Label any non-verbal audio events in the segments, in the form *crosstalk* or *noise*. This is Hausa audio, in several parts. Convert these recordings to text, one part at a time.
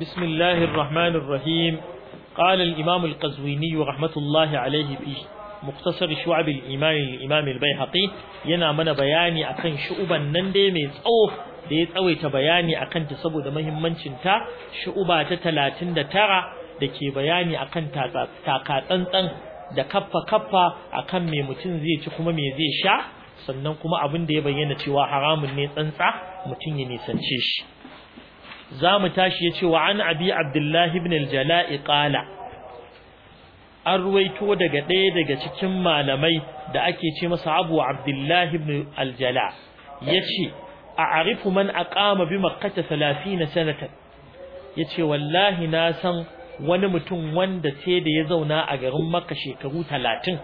بسم الله الرحمن الرحيم قال الإمام القزويني رحمة الله عليه في مختصر شعب الإيمان الإمام yana mana bayani akan shu'uban nan dai mai tsawo da ya tsawaita bayani akan ta saboda muhimmancin ta shu'uba ta da ke bayani akan takatsantsan da kaffa kaffa akan me mutum zai ci kuma mai zai sha sannan kuma abin da ya bayyana cewa haramun ne tsantsa mutum ya nisance shi za mu tashi ya ce wa an abi abdullahi ibn al-jala'i qala an ruwaito daga ɗaya daga cikin malamai da ake ce masa abu abdullahi ibn al-jala yace a arifu man aqama bi makkah 30 sanatan yace wallahi na san wani mutum wanda sai da ya zauna a garin maka shekaru 30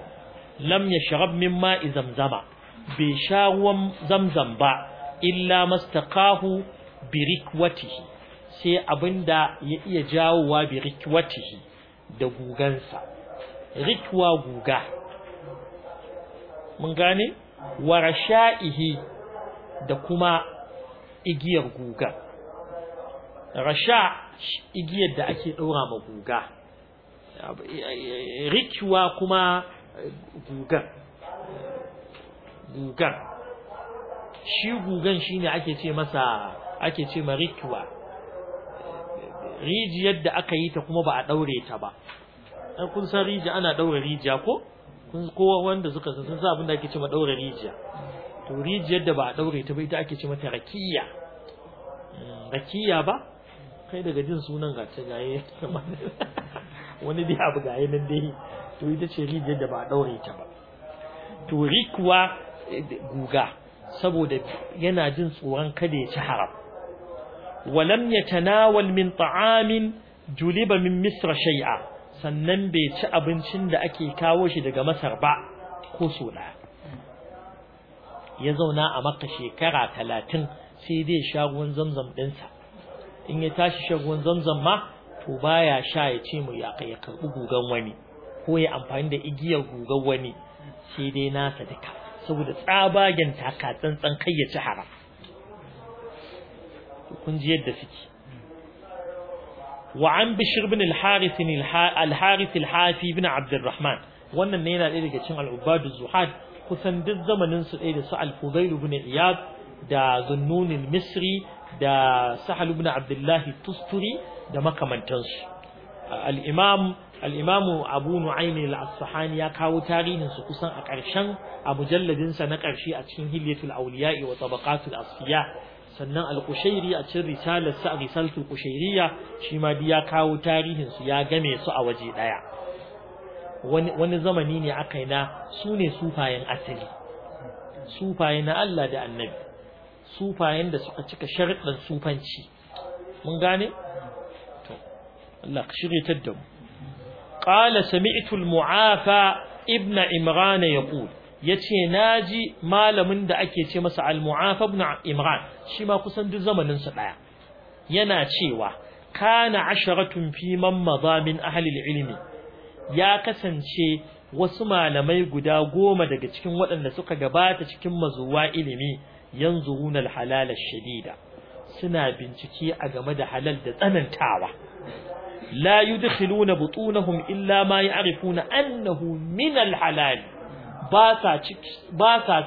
lam yashrab min ma'i zamzama bai sha ruwan zamzam ba illa mastaqahu bi sai abinda ya iya jawowa bi rikwatihi da gugansa rikwa guga mun gane wa da kuma igiyar guga rasha igiyar da ake daura ma guga rikwa kuma gugan gugan shi gugan shine ake ce masa ake ce ma rikwa rijiyar da aka yi ta kuma ba a daure ta ba ai kun san rijiya ana daure rijiya ko kun ko wanda suka san sun san abin da ake cewa daure rijiya to rijiyar da ba a daure ta ba ita ake ce mata rakiya hmm, rakiya ba kai daga jin sunan ga ta gaye *laughs* wani dai abu gaye nan dai to ita ce rijiyar da ba a daure ta ba to rikuwa eh, guga saboda yana jin tsoron kada ya ci haram walam yatanawal min ta'amin julibamin min misra shay'a sannan bai ci abincin da ake kawo shi daga masar ba ko so ya zauna a maka shekara talatin sai dai sha ruwan zamzam ɗinsa in ya tashi shan ruwan zamzam ma to baya sha ya ce mu ya kai ya karɓi gugan wani ko ya amfani da igiyar gugan wani sai dai nasa duka saboda tsabagen taka tsantsan kai ya ci haram kun ji yadda suke wa an bishir bin al alhafi bin abd rahman wannan ne yana ɗaya daga cikin al'ubadu zuhad kusan duk zamanin su ɗaya da su al-fudail ibn iyad da zannunin misri da sahal bin abdullahi tusturi da makamantansu al-imam imamu abu ya kawo tarihin su kusan a ƙarshen a mujalladinsa na ƙarshe a cikin hilyatul auliya'i wa tabaqatul asfiya sannan al kushairi a cikin risalar sa risaltul kushairiya shi ma ya kawo tarihin su ya game su a waje daya wani wani zamani ne aka yi na su ne sufayen asali sufaye na Allah da Annabi sufayen da suka cika sharuɗan sufanci mun gane to Allah ka shirye ta da mu qala sami'tu al-mu'afa ibn imran yaqul yace naji malamin da ake ce masa al-mu'af ibn imran shi ma kusan duk zamanin su daya yana cewa kana asharatun fi man madha ahli al-ilmi ya kasance wasu malamai guda goma daga cikin waɗanda suka gabata cikin mazuwa ilimi Yanzu al-halal ash-shadida suna bincike a game da halal da tsanantawa la yudkhiluna butunahum illa ma ya'rifuna annahu min al-halal ba sa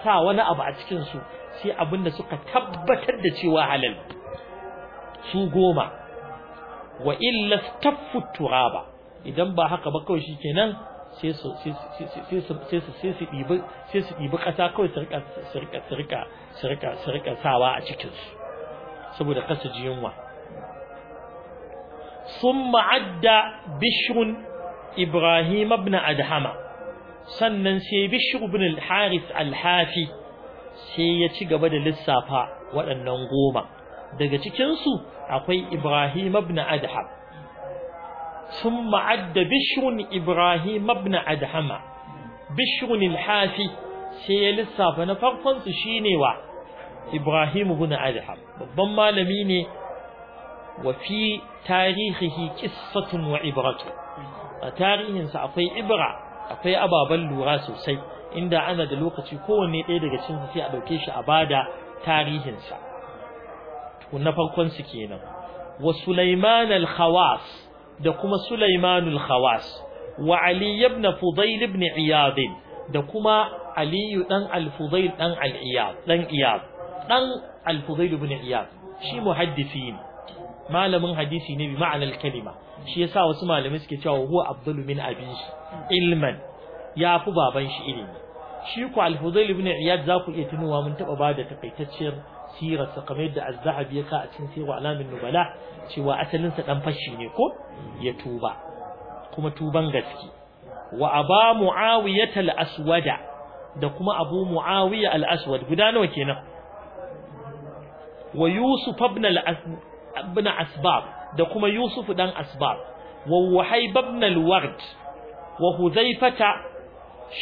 sa wani abu a cikinsu sai abin da suka tabbatar da cewa halal su goma wa illa staffu turaba idan ba haka ba kawai shikenan sai su sai su ƙasa kawai su rika su rika su sawa a cikinsu. saboda kasa ji yunwa Sun ma'adda bishrun ibrahim ibn adhama sannan sai bishr ibn al-haris al-hafi sai ya ci gaba da lissafa waɗannan goma daga cikin su akwai ibrahim ibn adham ثم عد بشر إبراهيم ابن أدهم بشر الحافي سيلسا فنفرقا تشينيوا إبراهيم بن أدهم بما لميني وفي تاريخه قصة وعبرة تاريخ سأقي إبرة akwai ababen lura sosai inda ana da lokaci kowanne ɗaya daga cikin sai a ɗauke shi a bada tarihinsa na farkon su kenan wa Sulaiman al-Khawas da kuma Sulaiman al-Khawas wa Ali ibn Fudayl ibn Iyad da kuma Ali dan al-Fudayl dan al-Iyad dan Iyad dan al-Fudayl ibn Iyad shi muhaddisin malamin hadisi ne bi ma'anar kalima shi yasa wasu malamai suke cewa huwa abdul min shi. ilman ya fi baban shi ilimi shi ku al ibn iyad za ku iya tunowa mun taba ba da takaitacciyar sirar sa kamar yadda az ya ka a cikin sirru alamin nubala cewa asalin sa dan fashi ne ko ya tuba kuma tuban gaske wa aba muawiyah al-aswada da kuma abu muawiyah al-aswad guda nawa kenan wa yusuf ibn al ibn asbab da kuma yusuf ɗan asbab wa wahayb ibn ward wa hudhaifata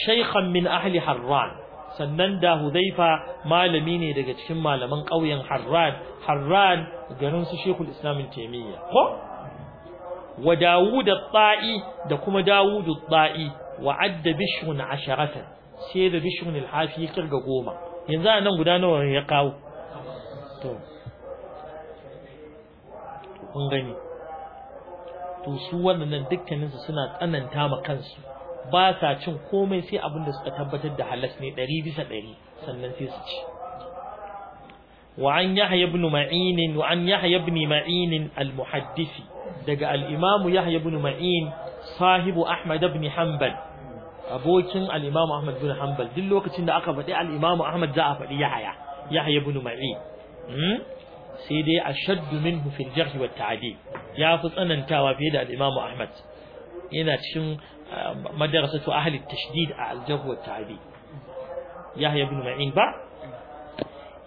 shaykhan min ahli harran sannan da Hudhaifa malami ne daga cikin malaman ƙauyen Harran Harran garin su Sheikhul Islam Taymiyyah ko wa Dawud al-Ta'i da kuma Dawud al-Ta'i wa adda bishrun asharatan sai da bishrun al-hafi kirga goma yanzu anan guda nawa ya kawo to kun gani to suna tsananta ma kansu ba sa cin komai sai abin da suka tabbatar da halas ne 100 bisa 100 sannan sai su ci wa an yahya ibn ma'in daga al-imam yahya sahibu ahmad ibn hanbal abokin al-imam ahmad ibn duk lokacin da aka faɗi al-imam za a faɗi yahya yahya sai dai ashaddu minhu fil jarh wa ta'dil ya fi tsanantawa fiye da al-Imam Ahmad yana cikin ah, madrasatu ahli tashdid a al-jarh wa ta'dil Yahya ibn Ma'in ba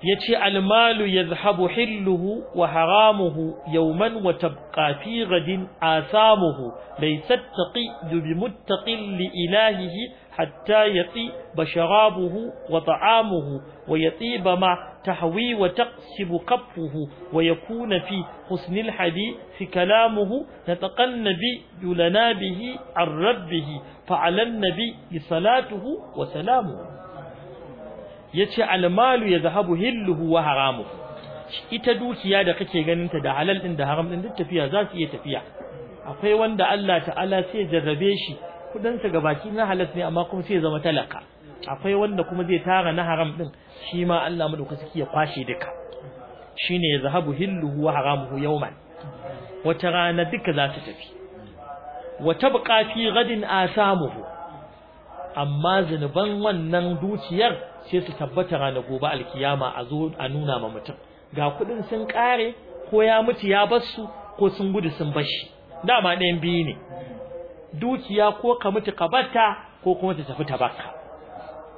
yace al-malu yadhhabu hilluhu wa haramuhu yawman wa tabqa fi ghadin asamuhu laysat taqi bi muttaqin li ilahihi حتى يطيب شرابه وطعامه ويطيب ما تحوي وتقسب كفه ويكون في حسن الحديث في كلامه نطق النبي لنا به عن ربه فعلى النبي صلاته وسلامه yace almalu ya zahabu hilluhu wa ita dukiya da kake ganin da halal din da haram din duk tafiya za su iya tafiya akwai wanda Allah ta'ala sai jarrabe shi kudinsa baki na halas ne amma kuma sai zama talaka akwai wanda kuma zai tara na haram din shi ma Allah madaukaki ya kwashe duka shine ya zahabu hilluhu wa haramuhu yawman wata rana duka za ta tafi Wata tabqa fi gadin asamuhu amma zinuban wannan duciyar sai su tabbata rana gobe alkiyama a zo a nuna ma mutum ga kudin sun kare ko ya mutu ya bar ko sun gudu sun bashi. dama ɗayan biyu ne dukiya ko ka mutu ka batta ko kuma ta tafi ta baka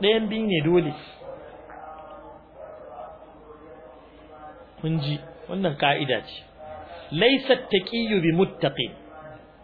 ɗayan biyu ne dole kun ji wannan ka'ida ce laysat taqiyyu bi muttaqin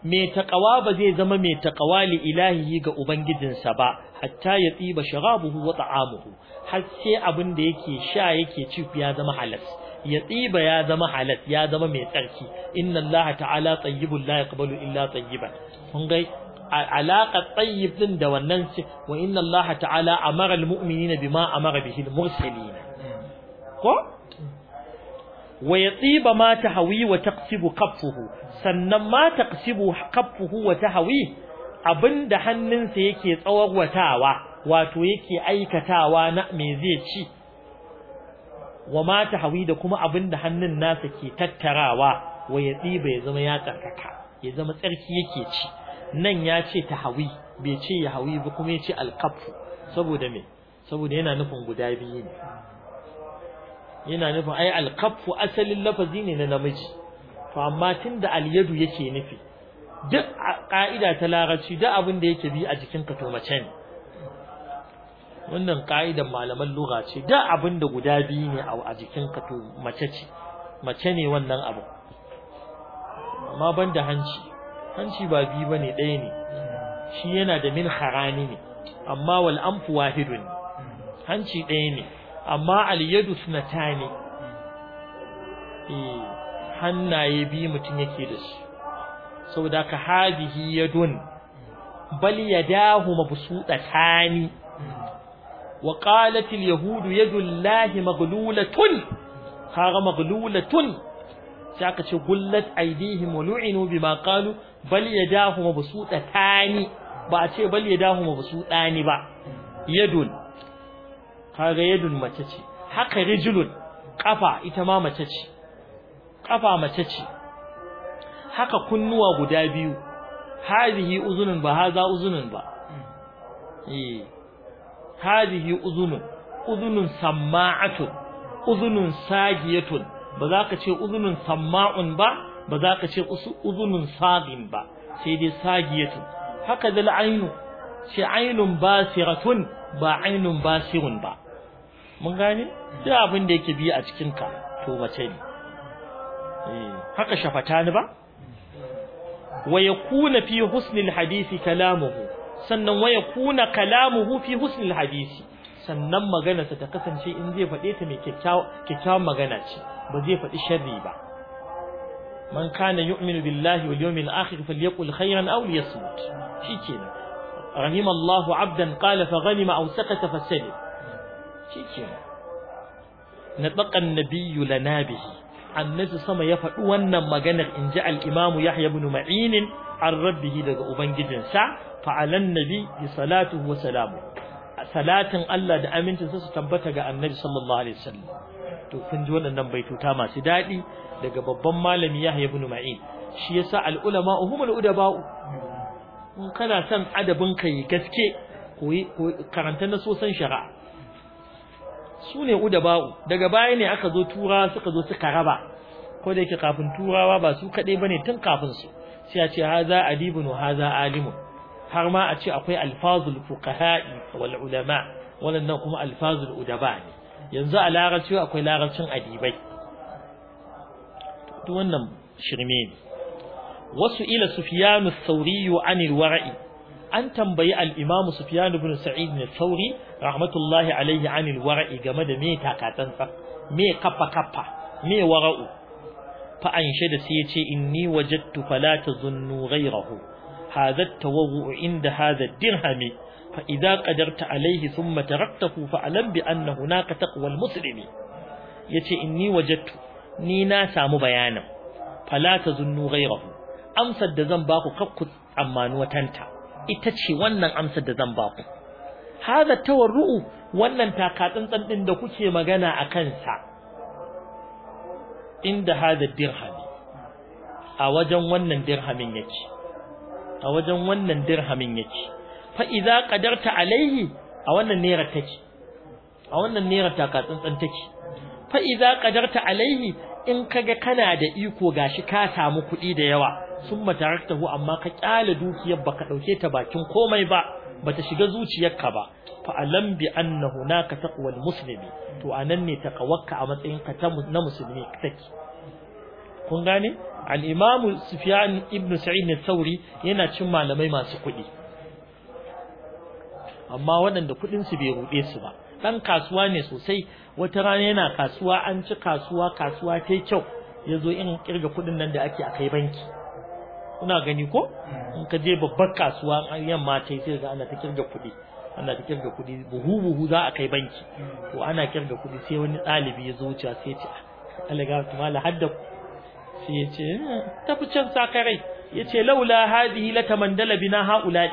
mai taqawa ba zai zama mai taqawa li ilahihi ga ubangijinsa ba hatta ya tsiba sharabuhu wa ta'amuhu har sai abin da yake sha yake ci ya zama halas ya tsiba ya zama halat ya zama mai tsarki inna Allah ta'ala tayyibun la yaqbalu illa tayyiban kun ga alaqa tayyib din da wannan ce wa inna Allah ta'ala amara almu'minina bima amara bihi almursalin ko wa yatiba ma tahawi wa taqsibu qaffuhu sannan ma taqsibu qaffuhu wa tahawi abinda hannunsa yake tsawarwatawa wato yake aikatawa na me zai ci wa ma hawi da kuma abin da hannun nasa ke tattarawa wa ya tsiba ya zama ya tsarkaka ya zama tsarki yake ci nan ya ce ta hawi bai ce ya hawi ba kuma ya ce alkafu saboda me saboda yana nufin guda biyu ne yana nufin ai alkafu asalin lafazi ne na namiji to amma tunda alyadu yake nufi duk ka'ida ta larabci duk abin da yake bi a jikinka to mace ne wannan ka'idan malaman lugha ce da abin guda biyu ne a jikin ka to mace ce mace ne wannan abu amma ban da hanci hanci ba biyu ba ne ɗaya ne shi yana da min harani ne amma wal amfu wahidun hanci ɗaya ne amma al yadu sunatani eh hannaye biyu mutum yake da su saboda ka hadihi yadun bal yadahu mabsutatani wa qalat al yahud yadullahi maghlulatun kaga maghlulatun sai aka ce gullat aidihim wa lu'inu bima qalu bal yadahu mabsutatani ba a ce bal yadahu mabsutani ba yadun kaga yadun mace ce haka rijulun kafa ita ma mace ce kafa mace ce haka kunnuwa guda biyu hadhihi uzunun ba haza ba eh. hadihi uzunun uzunun samma'atu uzunun sagiyatun ba za ka ce uzunun samma'un ba ba za ka ce uzunun sagin ba sai dai sagiyatun haka dal ainu ce ainun basiratun ba ainun basirun ba mun gane duk abin da yake biya a cikin ka to wace ne haka shafatani ba wa yakuna fi husnil hadisi kalamuhu sannan waya kuna kalamuhu fi husn alhadith sannan magana ta kasance in zai fade ta mai kikkiawa magana ce ba zai fadi sharri ba man kana yu'minu billahi wal yawmil akhir falyaqul khayran aw liyasmut shikenan rahima Allah 'abdan qala fa ghanima aw sakata fa salim shikenan nataqa an-nabiyyu lana bihi annabi sama ya fadi wannan maganar inji al-imamu Yahya ibn Ma'in an rabbihi daga ubangijinsa fa'alan nabi yi salatu wa salamu salatin Allah da amincinsa su tabbata ga annabi sallallahu alaihi wasallam to kun ji waɗannan baituta masu daɗi daga babban malami Yahya haifu numa’i, shi al'ulama, al-ulama uda ba'u, in kana son adabin ka yi gaske koyi karanta na sosan shara'a. su ne ba'u. daga baya ne aka zo tura suka zo suka raba ko da yake kafin turawa ba su kaɗai ne tun kafin su sai a ce haza adibun haza alimu har ma a ce akwai alfazul fuqaha'i wal ulama wannan kuma alfazul udaba ne yanzu a larabci akwai larabcin adibai duk wannan shirme ne wasu ila sufyanu sauri anil wara'i an tambayi al-imam sufyan ibn sa'id ne sauri rahmatullahi Alayhi anil wara'i game da me takatantsa me kaffa kaffa me wara'u fa an shaida sai ya ce inni wajadtu fala tazunnu ghayrahu هذا التوضع عند هذا الدرهم فإذا قدرت عليه ثم تركته فأعلم بأن هناك تقوى المسلم يتي إني وجدت نينا سام بيانا فلا تظنوا غيره أمسى الدزن باقو قبقت أمان وتنتا إتتشي ونن أمسى الدزن باقو هذا التورؤ ونن تاقاتن تنتن دكوشي مغانا أكنسا عند هذا الدرهم أوجن ونن درهم يتي a wajen wannan dirhamin yake fa idza qadarta alaihi a wannan naira take a wannan naira ta ka tsantsan take fa idza qadarta alaihi in kaga kana da iko gashi ka samu kuɗi da yawa summa taraktahu amma ka kyale dukiyar baka dauke ta bakin komai ba bata shiga zuciyarka ba fa alam bi anna hunaka taqwal muslimi to anan ne taqawakka a matsayin ka na musulmi take kun gane al-imam sufyan ibn sa'id al-thawri yana cin malamai masu kuɗi amma waɗanda kuɗin su bai ruɗe su ba dan kasuwa ne sosai wata rana yana kasuwa an ci kasuwa kasuwa ta kyau yazo in kirga kuɗin nan da ake akai banki kuna gani ko in ka je babbar kasuwa yamma ta sai ga ana ta kirga kuɗi ana ta kirga kuɗi buhu buhu za a kai banki to ana kirga kuɗi sai wani ɗalibi ya zo wuce sai ya ce kuma la hadda sai ya ce hmm, fi can sakarai ya ce laula hadihi Mandala bina haula'i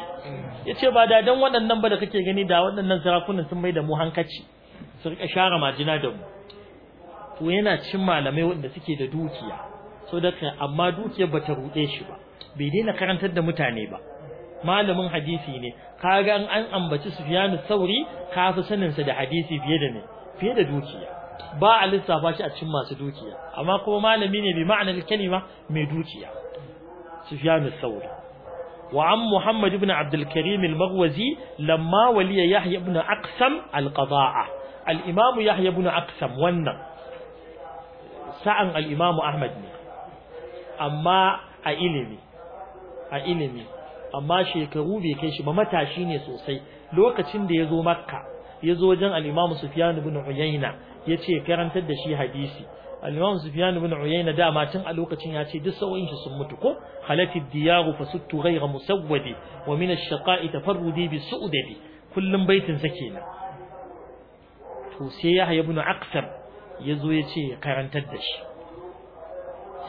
ya ce ba da dan waɗannan ba da kake gani da waɗannan sarakunan sun mai da mu hankaci su rika share majina da mu to yana cin malamai waɗanda suke da dukiya so da amma dukiyar bata ruɗe shi ba bai daina karantar da mutane ba malamin hadisi ne kaga an ambaci Sufyan sauri kafi fi sanin da hadisi fiye da ne fiye da dukiya ba a lissafa shi a cikin masu dukiya amma kuma malami ne bi ma'anar kalima mai dukiya sufyan al-sawri wa an muhammad ibn abdul karim lamma waliya yahya ibn aqsam al-qada'a al yahya ibn aqsam wannan sa'an al ahmad ne amma a ilimi a amma shekaru bai kai shi ba matashi ne sosai lokacin da ya zo makka ya zo wajen al-imam sufyan ibn uyayna yace karantar da shi hadisi al-Imam Sufyan ibn Uyayna da ma tun a lokacin yace duk sauyin shi sun mutu ko halati diyaru fasuttu ghayra musawwadi wa min ash-shaqa'i tafarrudi bi su'dadi kullum baitin sa kenan to sai ya Yahya ibn Aqsam yazo yace karantar da shi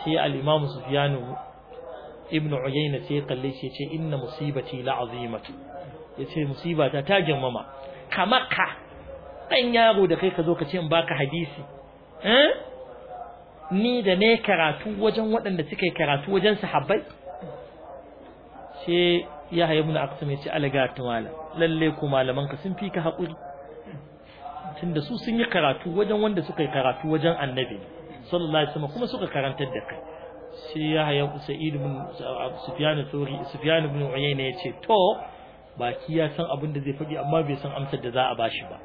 sai al-Imam Sufyan ibn Uyayna sai kalle shi yace inna musibati la'azimatu yace musibata ta girmama kamaka ɗan yaro da kai ka zo ka ce in baka hadisi eh? ni da ne karatu wajen waɗanda suka yi karatu wajen sahabbai sai ya haye muna aka ya ce alaga ta mala lalle ku malaman ka sun fi ka haƙuri tunda su sun yi karatu wajen wanda suka yi karatu wajen annabi sallallahu alaihi wasallam kuma suka karantar da kai sai ya haye sa'id ibn sufyan ibn uyayna ya ce to baki ya san abin da zai faɗi amma bai san amsar da za a bashi ba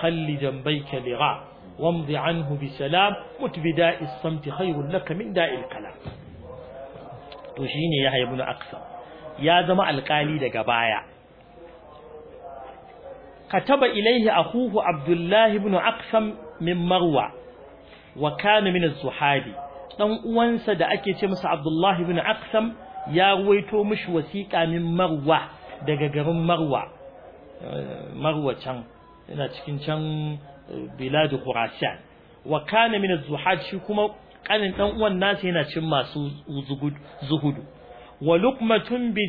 khalli jambayka liqa wamdi anhu bi salam mutbi da'is samti khayrun laka min da'il kalam to shine ya ibn aksa ya zama alƙali daga baya كتب إليه أخوه عبد الله بن أقسم من مروى وكان من الزحاد دان uwansa da ake ce masa Abdullah ibn Aqsam ya ruwaito mishi wasiƙa min Marwa daga garin marwa marwa can yana cikin can eh, biladu khurasan wa kana min az shi kuma kanin ɗan uwan nasa yana cin masu zuhudu wa lukmatun bi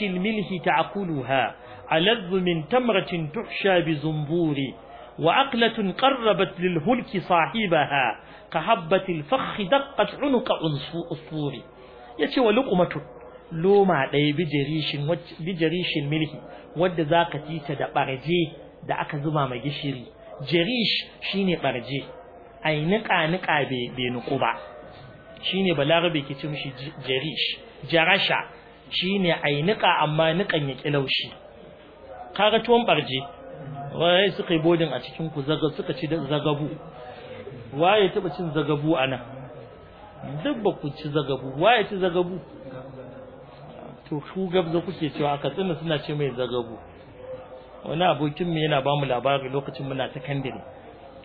milhi ta Akulu ha. aladh min tamratin tuhsha bi zumburi وعقلة قربت للهلك صاحبها كحبة الفخ دقت عنق أصفور wa ولقمة loma ɗaya bijirishin milhi wadda za ka tita da ɓarje da aka zuba mai gishiri jirish ne ɓarje ai niƙa niƙa bai nuku ba shi ne ba larabe ke cin shi jirish jarasha shine ai niƙa amma niƙan ya kilaushi karatuwan ɓarje waye suka yi bodin a cikin ku suka ci zagabu waye taɓa cin zagabu a nan duk ba ku ci zagabu waye ci zagabu to ku gabza kuke cewa katsina suna ce mai zagabu wani abokin mu yana bamu labari lokacin muna sakandare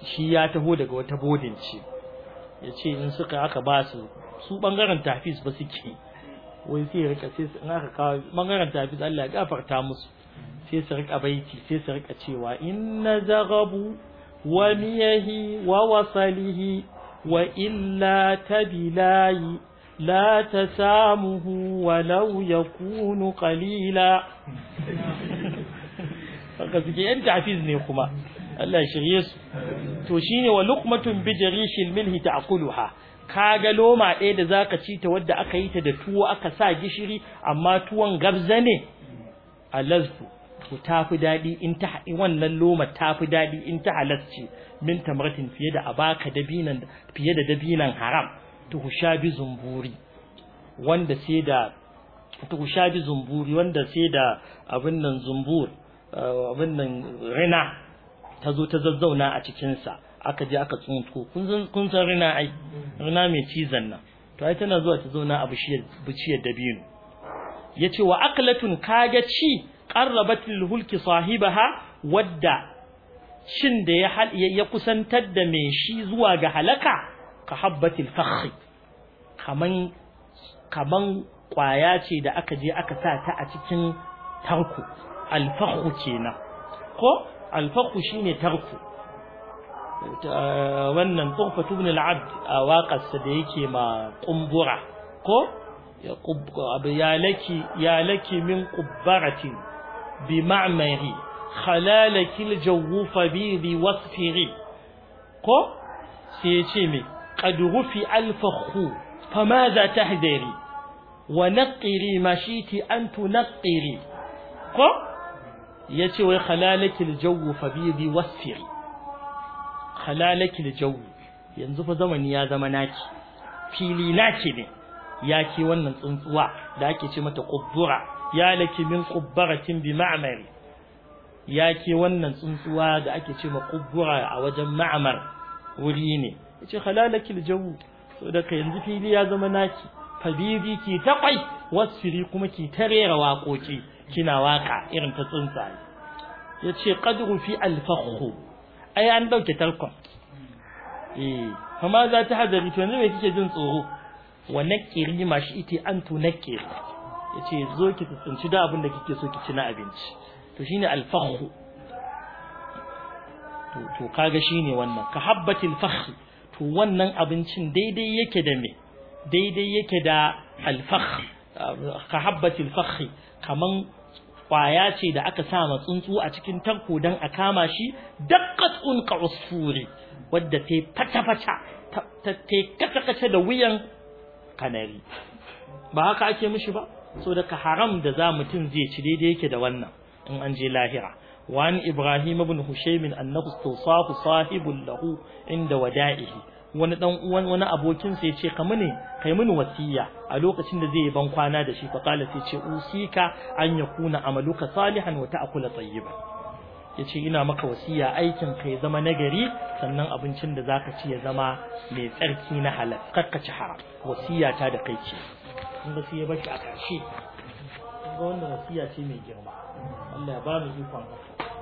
shi ya taho daga wata bodin ce ya ce in suka aka ba su su bangaren tafis ba suke wai sai ya rika sai in aka kawo bangaren tafis Allah ya gafarta musu sai su rika baiti sai su rika cewa inna zagabu wa miyahi wa wasalihi wa illa tabilayi لا تسامه ولو يكون قليلا فكذلك أنت عفيزني كما الله يشغيس توشيني ولقمة بجريش الملح تأكلها kaga loma ɗaya da zaka ci ta wadda aka yi ta da tuwo aka sa gishiri amma tuwon gabza ne A alazku ku tafi daɗi in ta wannan loma tafi daɗi in ta halasce min tamratin fiye da abaka fiye da dabinan haram tuhushabi zumburi wanda sai da tuhushabi zumburi wanda sai da abin nan zumbur eh, abin nan rina ta zo ta zazzauna a cikinsa aka je aka tsuntu kun san rina ai rina mai cizon nan to ai tana zuwa ta zauna a bishiyar dabino ya ce wa aklatun kaga ci ƙarrabatul hulki sahibaha wadda cin da ya kusantar da mai shi zuwa ga halaka ka habbatil fakhi kaman kwaya ce da aka je aka sa ta a cikin tarku alfakhu kenan ko alfakhu shine tarku wannan tuhfatu ibn al a waƙarsa da yake ma ƙumbura. ko ya laki min qubbaratin bi ma'mari khalalaki al bi wasfiri ko sai ya ce me قد رفع الفخ فماذا تهذري ونقري ما شئت أن تنقري قو يتي ويخلالك الجو فبيدي وسري خلالك الجو ينزف زمن يا زمناك في ليناك لي ياكي ونن تنسوا داكي شما تقبرة يا لك من قبرة بمعمر ياكي ونن تنسوا داكي شما قبرة أو جمع مر وريني yace halalakil jawu so da yanzu fili ya zama naki fabiri ki takwai. kwai wasfiri kuma ki ta rera waƙoƙi kina waka irin ta tsuntsaye yace qad rufi alfakhu ai an dauke talkon. eh kuma za ta hadari to yanzu me kike jin tsoro wa nakiri mashi ite an tu nakiri yace zo ki tsinci da abin da kike so ki ci na abinci to shine alfakhu to kaga shine wannan ka habbatil fakhi to wannan abincin daidai yake da me daidai yake da alfakh ka habbati fakhi kaman kwaya ce da aka sa ma tsuntsu a cikin tanko dan a kama shi daqqat unqa usfuri wadda ta fata fata ta kasa da wuyan kanari ba haka ake mishi ba so ka haram da za mutum zai ci daidai yake da wannan in an je lahira وعن إبراهيم Bin هشيم أنه استوصاه صاحب له عند ودائه wani dan uwan wani abokinsa sai ce ka mini kai mini wasiya a lokacin da zai yi ban kwana da shi fa qala sai ce usika an yakuna amaluka salihan wa ta'kula tayyiban yace ina maka wasiya aikin kai zama nagari sannan abincin da za ka ci ya zama mai tsarki na halal kakkaci haram wasiya ta da kai ce in ba sai ya bashi a karshe ga wannan wasiya ce mai girma Allah ya ba mu ikon haka